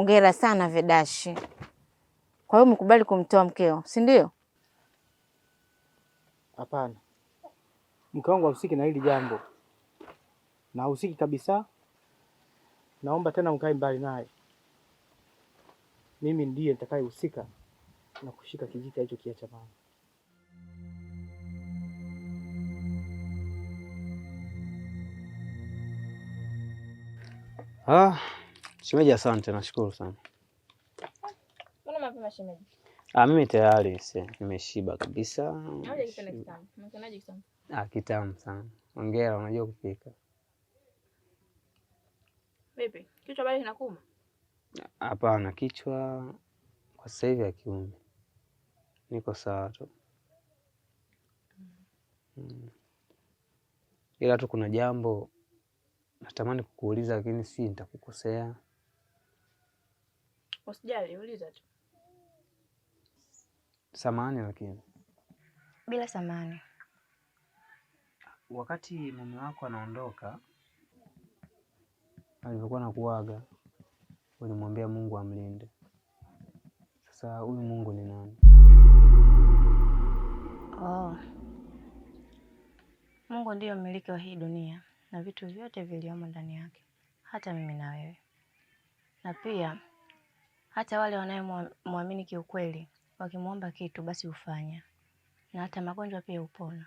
Hongera sana Vedashi. Kwa hiyo umekubali kumtoa mkeo, si ndio? Hapana, mke wangu hahusiki na hili jambo, na hahusiki kabisa. Naomba tena mkae mbali naye. Mimi ndiye nitakayehusika na kushika kijiti alichokiacha mama. Ah. Shemeji, asante, nashukuru sana. Ah, mimi tayari se nimeshiba kabisa. Ah, kitamu sana. Ongera, unajua kupika. Vipi? Kichwa bado kinakuuma? Hapana, kichwa kwa sasa hivi hakiumi, niko sawa tu hmm. Ila tu kuna jambo natamani kukuuliza, lakini si nitakukosea. Usijali, uliza tu. Samani lakini bila samani. Wakati mume wako anaondoka, alivyokuwa nakuaga, ulimwambia Mungu amlinde. Sasa huyu Mungu ni nani? Oh. Mungu ndiyo mmiliki wa hii dunia na vitu vyote viliomo ndani yake, hata mimi na wewe, na pia hata wale wanayemwamini kiukweli, wakimwomba kitu basi hufanya, na hata magonjwa pia hupona.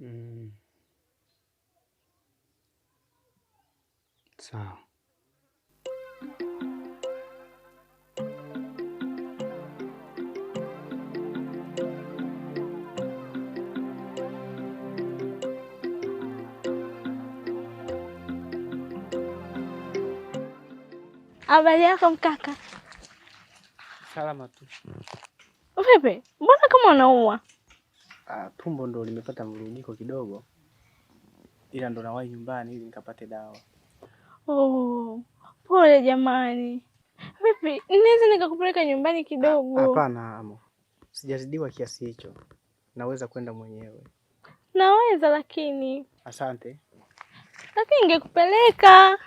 Mm. Sawa. Habari yako mkaka? Salama tu. Vipi, mbona kama unaumwa? Ah, tumbo ndo limepata mrudiko kidogo, ila ndo nawahi nyumbani ili nikapate dawa. Oh, pole jamani. Vipi, naweza nikakupeleka nyumbani ah, kidogo? Hapana amo, sijazidiwa kiasi hicho, naweza kwenda mwenyewe. Naweza lakini. Asante, lakini ningekupeleka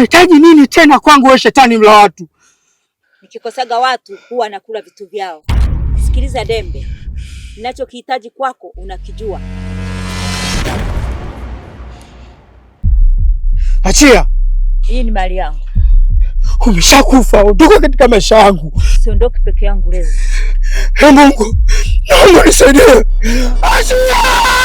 Unahitaji nini tena kwangu, we shetani mla watu? Nikikosaga watu huwa nakula vitu vyao. Sikiliza Dembe, ninachokihitaji kwako unakijua. Achia, hii ni mali yangu. Umeshakufa, ondoka katika maisha yangu. Siondoki peke yangu leo. Ee Mungu, naomba nisaidie. Achia!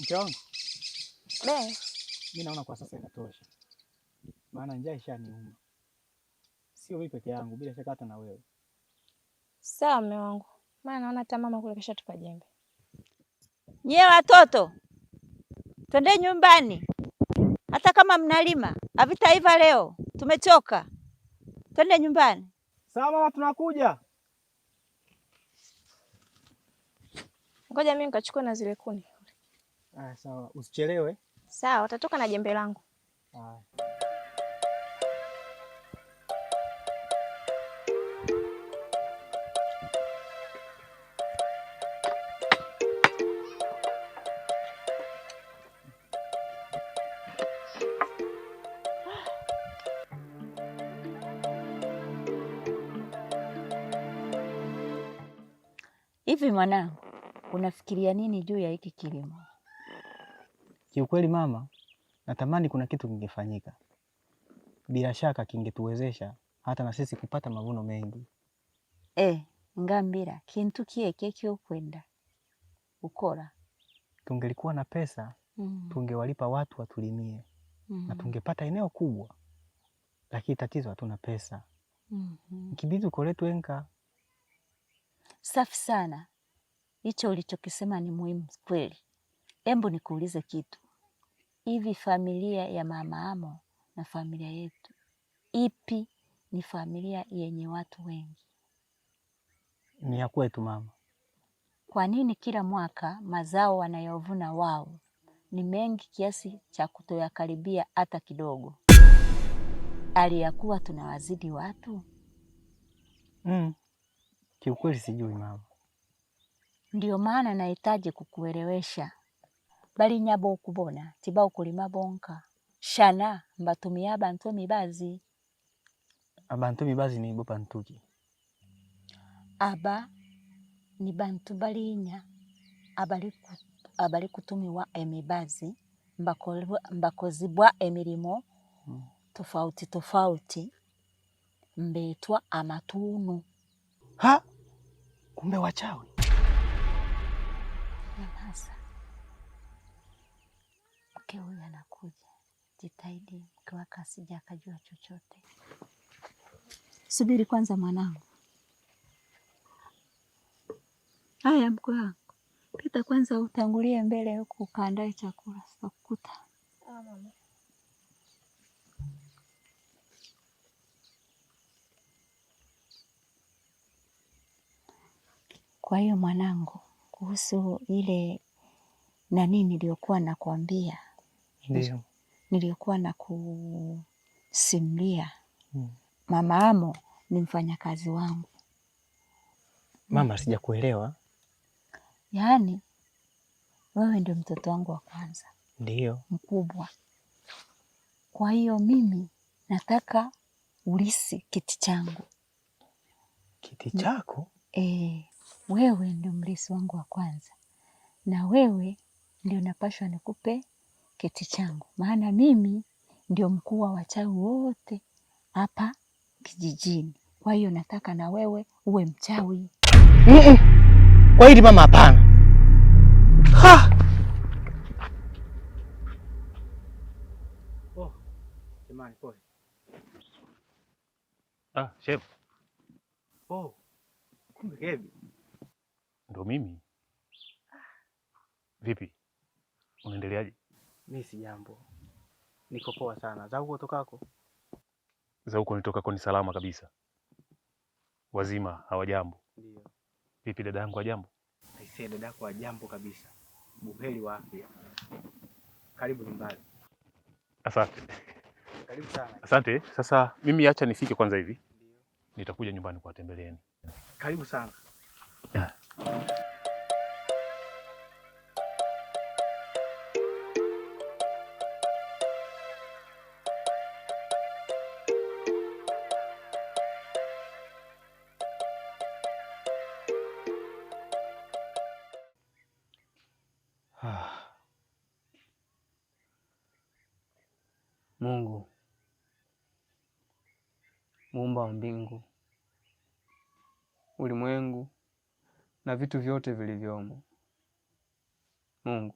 Mke wangu, mi naona kwa sasa inatosha, maana njaa ishaniuma. Sio mimi peke yangu, bila shaka hata na wewe. Sawa mme wangu, maana naona hata mama kule kashatupa jembe. Nyie watoto twende nyumbani, hata kama mnalima havitaiva leo, tumechoka. Twende nyumbani. Sawa mama, tunakuja. Ngoja mimi nikachukua na zile kuni. Ah, sawa, usichelewe. Sawa, utatoka na jembe langu. Ah. Hivi mwanangu, unafikiria nini juu ya hiki kilimo? Kiukweli mama, natamani kuna kitu kingefanyika, bila shaka kingetuwezesha hata na sisi kupata mavuno mengi. E, ngambira kintu kieke kiokwenda ukora, tungelikuwa na pesa mm. tungewalipa watu watulimie mm. na tungepata eneo kubwa, lakini tatizo hatuna pesa mm -hmm. nkibidi ukoletu enka. Safi sana, hicho ulichokisema ni muhimu kweli Embu nikuulize kitu hivi, familia ya mama Amo na familia yetu, ipi ni familia yenye watu wengi? Ni ya kwetu mama. Kwa nini kila mwaka mazao wanayovuna wao ni mengi kiasi cha kutoyakaribia hata kidogo? Aliyakuwa tunawazidi watu? Mm. Kiukweli sijui mama, ndio maana nahitaji kukuelewesha balinnya b'okubona tibawukulima bonka shana mbatumia abantu emibazi abantu emibazi nibo bantu aba ni bantu abali kutumiwa emibazi mbakozibwa emirimo hmm. tofauti tofauti mbeetwa amatunu ha kumbe wachawi mke huyu anakuja, jitahidi mke wako asije akajua chochote. Subiri kwanza mwanangu. Haya, mkwa wangu pita kwanza, utangulie mbele huku ukaandae chakula, sitakukuta Kwa hiyo mwanangu, kuhusu ile nani niliyokuwa nakwambia Ndiyo. nilikuwa na kusimulia hmm. Mama Amo ni mfanyakazi wangu mama. Sijakuelewa. Yaani wewe ndio mtoto wangu wa kwanza, ndio mkubwa. Kwa hiyo mimi nataka ulisi kiti changu. Kiti chako? E, wewe ndio mlisi wangu wa kwanza na wewe ndio napashwa nikupe kiti changu, maana mimi ndio mkuu wa wachawi wote hapa kijijini. Kwa hiyo nataka na wewe uwe mchawi. mm -mm. Kwa hili mama, hapana. Ha! Oh, ah, chef. Oh, kumbe Kevi ndo mimi. Vipi, unaendeleaje? Mi si jambo, niko poa sana. Za huko tokako? Za huko nitokako ni salama kabisa, wazima hawajambo. Ndio vipi, dada yangu hajambo? Aisee, dada yako hajambo kabisa, buheri wa afya. Karibu nyumbani. Asante. Karibu sana. Asante. Sasa mimi acha nifike kwanza hivi. Nitakuja nyumbani kuwatembeleeni. Karibu sana. Mungu muumba wa mbingu, ulimwengu na vitu vyote vilivyomo. Mungu,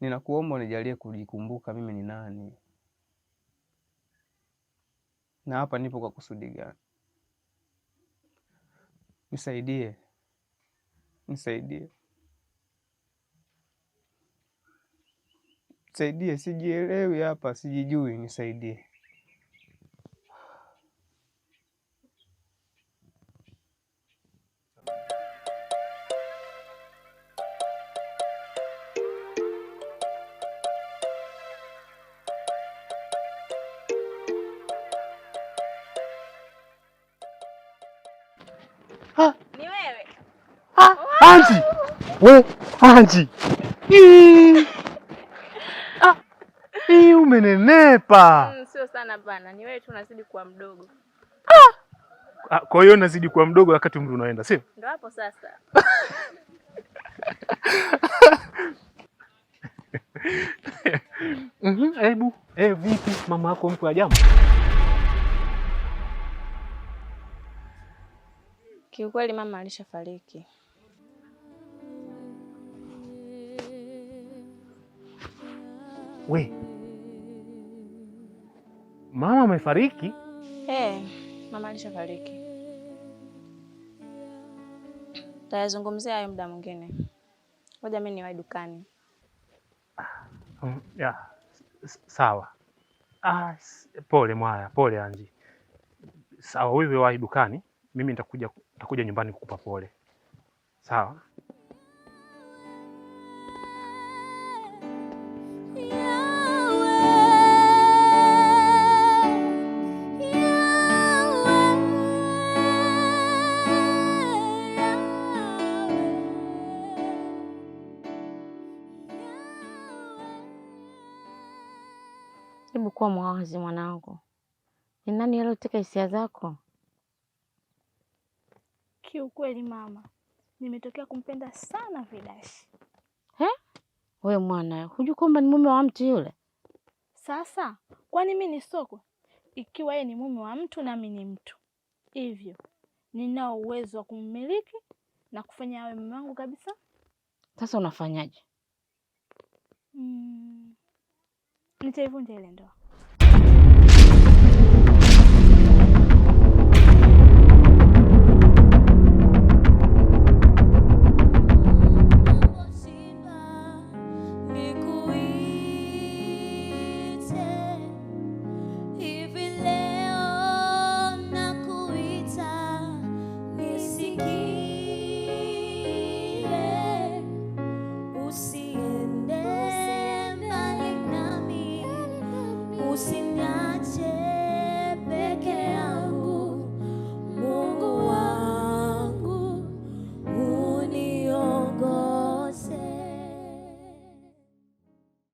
ninakuomba unijalie kujikumbuka mimi ni nani na hapa nipo kwa kusudi gani. Nisaidie, nisaidie. Nisaidie, sijielewi hapa, sijijui, nisaidie. Anji, we Anji umenenepa. Mm, sio sana bana, ni wewe tu unazidi kuwa mdogo. Ah! Kwa hiyo unazidi kuwa mdogo wakati umri unaenda, sio? Ndio hapo sasa. Mhm, hebu eh, vipi mama yako mtu ajamu? Kiukweli mama alishafariki. We mama amefariki? Hey, mama alishafariki. Tayazungumzia hayo muda mwingine. Ngoja mimi niwahi dukani. Um, yeah. Oh, sawa. Ah, pole mwaya, pole Anji. Sawa, wewe wahi dukani, mimi nitakuja nitakuja nyumbani kukupa pole. Sawa. Hebu kuwa mwawazi mwanangu, ni nani aliyoteka hisia zako? Kiukweli mama, nimetokea kumpenda sana Vidashi. He? We mwana, hujui kwamba ni mume wa mtu yule? Sasa kwani mi ni soko? Ikiwa yeye ni mume wa mtu nami ni mtu, hivyo ninao uwezo wa kummiliki na kufanya awe mume wangu kabisa. Sasa unafanyaje? mm. 你再问一下领导。